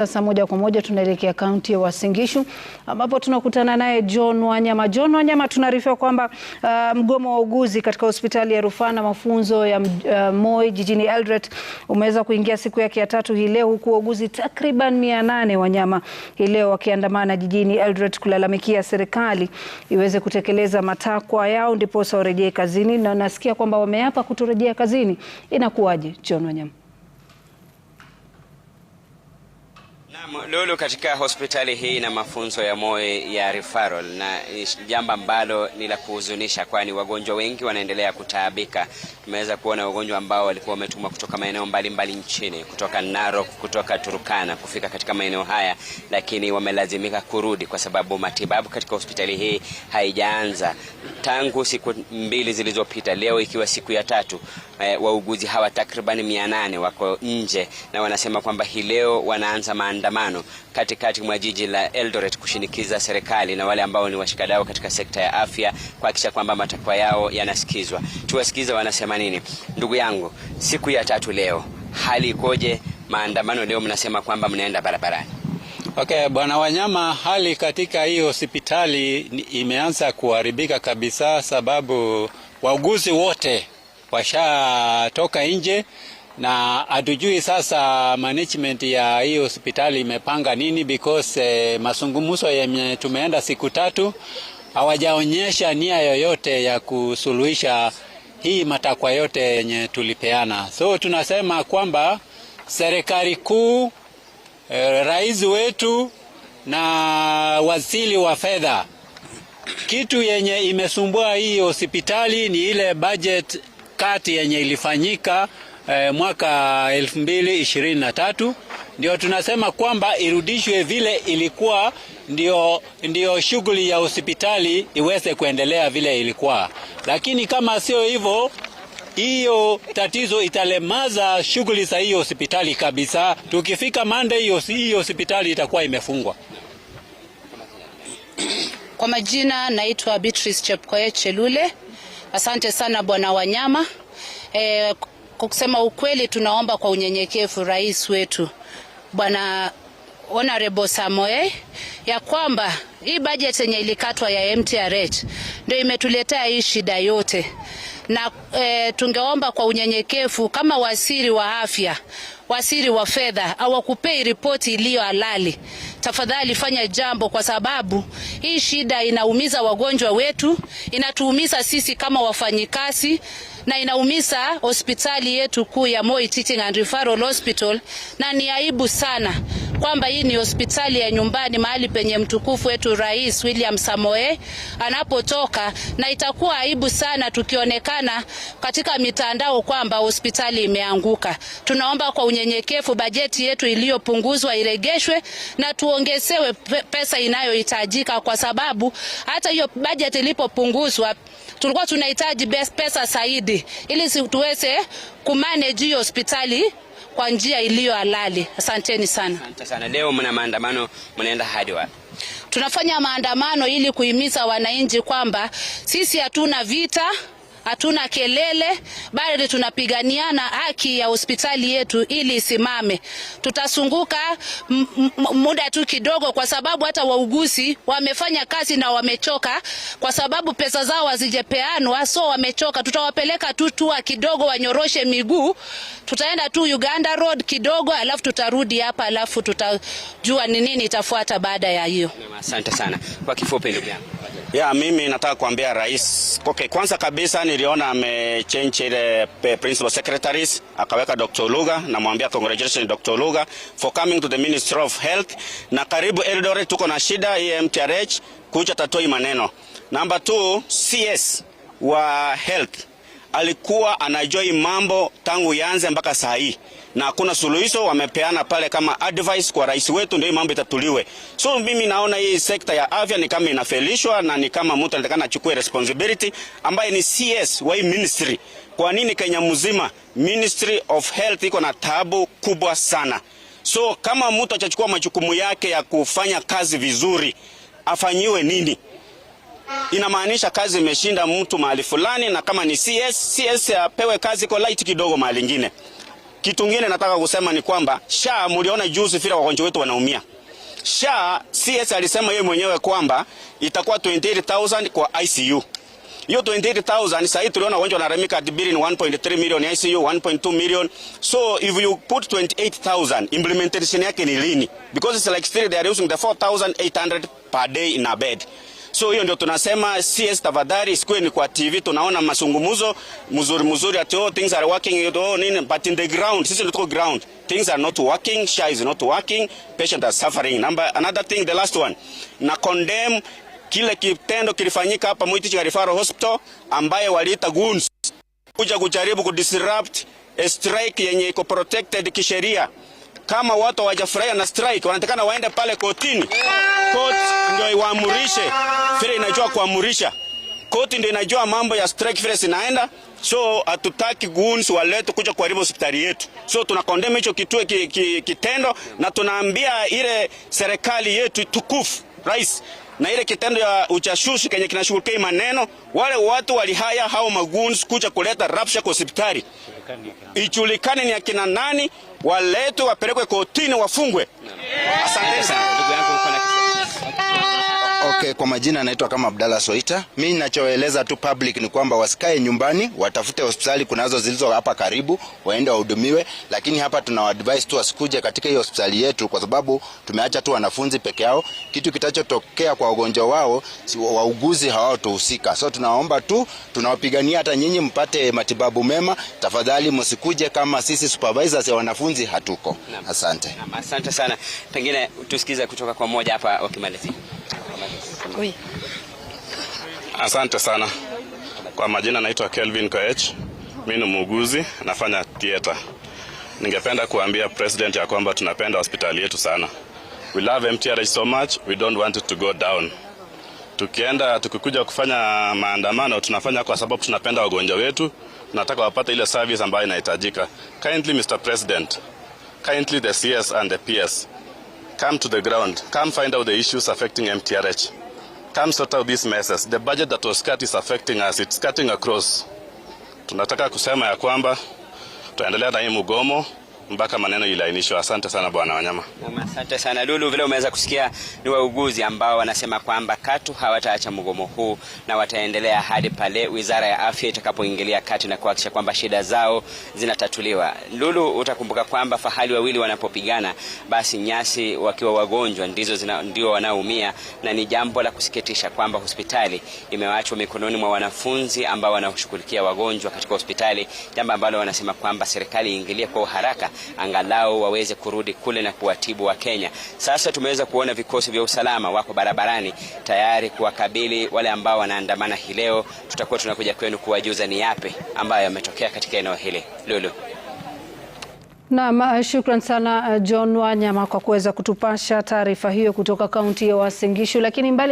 Sasa moja kwa moja tunaelekea kaunti ya Uasin Gishu ambapo tunakutana naye John Wanyama. John Wanyama, tunaarifiwa kwamba uh, mgomo wa uguzi katika hospitali ya rufaa na mafunzo ya uh, Moi jijini Eldoret umeweza kuingia siku yake ya tatu hii leo, huku wauguzi takriban mia nane Wanyama hii leo wakiandamana jijini Eldoret kulalamikia serikali iweze kutekeleza matakwa yao ndiposa warejee kazini, na nasikia kwamba wameapa kutorejea kazini. Inakuwaje John Wanyama? Lulu katika hospitali hii na mafunzo ya moyo ya referral, na jambo ambalo ni la kuhuzunisha, kwani wagonjwa wengi wanaendelea kutaabika. Tumeweza kuona wagonjwa ambao walikuwa wametumwa kutoka maeneo mbalimbali nchini, kutoka Narok, kutoka Turkana kufika katika maeneo haya, lakini wamelazimika kurudi kwa sababu matibabu katika hospitali hii haijaanza tangu siku mbili zilizopita, leo ikiwa siku ya tatu. Eh, wauguzi hawa takribani mia nane wako nje na wanasema kwamba hii leo wanaanza maandamano maandamano katikati mwa jiji la Eldoret kushinikiza serikali na wale ambao ni washikadau katika sekta ya afya kuhakikisha kwamba matakwa yao yanasikizwa. Tuwasikize wanasema nini. Ndugu yangu, siku ya tatu leo, hali ikoje? Maandamano leo mnasema kwamba mnaenda barabarani. Okay, bwana Wanyama, hali katika hii hospitali imeanza kuharibika kabisa, sababu wauguzi wote washatoka nje na hatujui sasa management ya hii hospitali imepanga nini because eh, mazungumzo yenye tumeenda siku tatu hawajaonyesha nia yoyote ya kusuluhisha hii matakwa yote yenye tulipeana. So tunasema kwamba serikali kuu eh, rais wetu na waziri wa fedha, kitu yenye imesumbua hii hospitali ni ile budget cut yenye ilifanyika eh, mwaka 2023 ndio tunasema kwamba irudishwe vile ilikuwa, ndio, ndio shughuli ya hospitali iweze kuendelea vile ilikuwa, lakini kama sio hivyo hiyo tatizo italemaza shughuli za hiyo hospitali kabisa. Tukifika mande hiyo hospitali itakuwa imefungwa. Kwa majina naitwa Beatrice Chepkoech Chelule. Asante sana Bwana Wanyama. E, kusema ukweli, tunaomba kwa unyenyekevu rais wetu Bwana Honorable Samoe ya kwamba hii budget yenye ilikatwa ya MTR ndio imetuletea hii shida yote, na e, tungeomba kwa unyenyekevu kama waziri wa afya, waziri wa fedha hawakupei ripoti iliyo halali, tafadhali fanya jambo, kwa sababu hii shida inaumiza wagonjwa wetu, inatuumiza sisi kama wafanyikazi na inaumiza hospitali yetu kuu ya Moi Teaching and Referral Hospital, na ni aibu sana kwamba hii ni hospitali ya nyumbani, mahali penye mtukufu wetu Rais William Samoe anapotoka, na itakuwa aibu sana tukionekana katika mitandao kwamba hospitali imeanguka. Tunaomba kwa unyenyekevu bajeti yetu iliyopunguzwa iregeshwe na tuongezewe pesa inayohitajika, kwa sababu hata hiyo bajeti ilipopunguzwa tulikuwa tunahitaji pesa zaidi ili tuweze kumanage hospitali kwa njia iliyo halali. Asanteni sana. Asante sana. Leo mna maandamano, mnaenda hadi wapi? Tunafanya maandamano ili kuhimiza wananchi kwamba sisi hatuna vita hatuna kelele, bado tunapiganiana haki ya hospitali yetu ili isimame. Tutasunguka muda tu kidogo, kwa sababu hata wauguzi wamefanya kazi na wamechoka, kwa sababu pesa zao hazijepeanwa, so wamechoka. Tutawapeleka tu tua kidogo, wanyoroshe miguu, tutaenda tu Uganda Road kidogo, alafu tutarudi hapa, alafu tutajua ni nini itafuata baada ya hiyo. Asante sana kwa kifupi, ndugu yangu. Ya mimi nataka kuambia rais. Okay, kwanza kabisa niliona amechange ile eh, principal secretaries akaweka Dr. Luga, namwambia congratulations Dr. Luga for coming to the Ministry of Health. Na karibu Eldoret tuko na shida hii MTRH kuja tatoi maneno. Number 2 CS wa health alikuwa anajoi mambo tangu yanze mpaka saa hii, na hakuna suluhisho wamepeana pale kama advice kwa rais wetu, ndio mambo itatuliwe. So mimi naona hii sekta ya afya ni kama inafelishwa na ni kama mtu anatakana achukue responsibility ambaye ni CS wa hii ministry. Kwa nini Kenya mzima Ministry of Health iko na taabu kubwa sana? So kama mtu achachukua majukumu yake ya kufanya kazi vizuri, afanyiwe nini? inamaanisha kazi imeshinda mtu mahali fulani, na kama ni CS, CS apewe kazi kwa light kidogo mahali nyingine. Kitu kingine nataka kusema ni kwamba sha mliona juzi vile wagonjwa wetu wanaumia. Sha CS alisema yeye mwenyewe kwamba itakuwa 28000 kwa ICU. Hiyo 28000 sasa tuliona wagonjwa wanaramika at billion 1.3 million ICU 1.2 million. So if you put 28000 implementation yake ni lini? Because it's like still they are using the 4800 per day in a bed. So hiyo ndio tunasema CS, tafadhali sikuwe ni kwa TV tunaona masungumuzo mzuri mzuri, ati oh things are working you know, oh, nini, but in the ground, sisi ndio tuko ground, things are not working, SHA is not working, patient are suffering. Number another thing, the last one, na condemn kile kitendo kilifanyika hapa Mwiti Referral Hospital ambaye waliita goons kuja kujaribu ku disrupt a strike yenye iko protected kisheria. Kama watu hawajafurahia na strike, wanatakana waende pale kotini. yeah court ndio iwaamurishe vile inajua kuamurisha. Court ndio inajua mambo ya strike vile zinaenda, so hatutaki goons walete kuja kuharibu hospitali yetu. So tunakondema hicho kituo ki, ki, kitendo na tunaambia ile serikali yetu tukufu rais na ile kitendo ya uchashushi kenye kinashughulikia maneno wale watu walihaya hao maguns kuja kuleta rapsha kwa hospitali, ijulikane ni akina nani, waletwe wapelekwe kotini, wafungwe. Asante sana. Okay, kwa majina anaitwa kama Abdalla Soita. Mimi ninachoeleza tu public ni kwamba wasikae nyumbani, watafute hospitali kunazo zilizo hapa karibu, waende wahudumiwe, lakini hapa tuna advice tu wasikuje katika hiyo hospitali yetu, kwa sababu tumeacha tu wanafunzi peke yao. Kitu kitachotokea kwa wagonjwa wao, si wauguzi hawatohusika. So tunaomba tu, tunawapigania hata nyinyi mpate matibabu mema. Tafadhali msikuje kama sisi supervisors ya wanafunzi hatuko. Asante. Asante sana. Pengine tusikize kutoka kwa mmoja hapa wakimalizia. Oui. Asante sana. Kwa majina naitwa Kelvin Koech. Mimi ni muuguzi, nafanya theater. Ningependa kuambia president ya kwamba tunapenda hospitali yetu sana. We love MTRH so much, we don't want it to go down. Tukienda tukikuja kufanya maandamano tunafanya kwa sababu tunapenda wagonjwa wetu, tunataka wapate ile service ambayo inahitajika. Kindly Mr. President, kindly the CS and the PS, come to the ground, come find out the issues affecting MTRH come sort out these messes. The budget that was cut is affecting us. It's cutting across. Tunataka kusema ya kwamba tuendelea na hii mgomo mpaka maneno ilainishwe. Asante sana bwana Wanyama. Asante sana Lulu. Vile umeweza kusikia ni wauguzi ambao wanasema kwamba katu hawataacha mgomo huu na wataendelea hadi pale wizara ya afya itakapoingilia kati na kuhakikisha kwamba shida zao zinatatuliwa. Lulu, utakumbuka kwamba fahali wawili wanapopigana, basi nyasi wakiwa wagonjwa ndizo zina, ndio wanaoumia, na ni jambo la kusikitisha kwamba hospitali imewachwa mikononi mwa wanafunzi ambao wanashughulikia wagonjwa katika hospitali, jambo ambalo wanasema kwamba serikali iingilie kwa haraka angalau waweze kurudi kule na kuwatibu wa Kenya. Sasa tumeweza kuona vikosi vya usalama wako barabarani tayari kuwakabili wale ambao wanaandamana hii leo. Tutakuwa tunakuja kwenu kuwajuza ni yapi ambayo yametokea katika eneo hili. Lulu. Naam, uh, shukran sana uh, John Wanyama kwa kuweza kutupasha taarifa hiyo kutoka kaunti ya Uasin Gishu, lakini mbali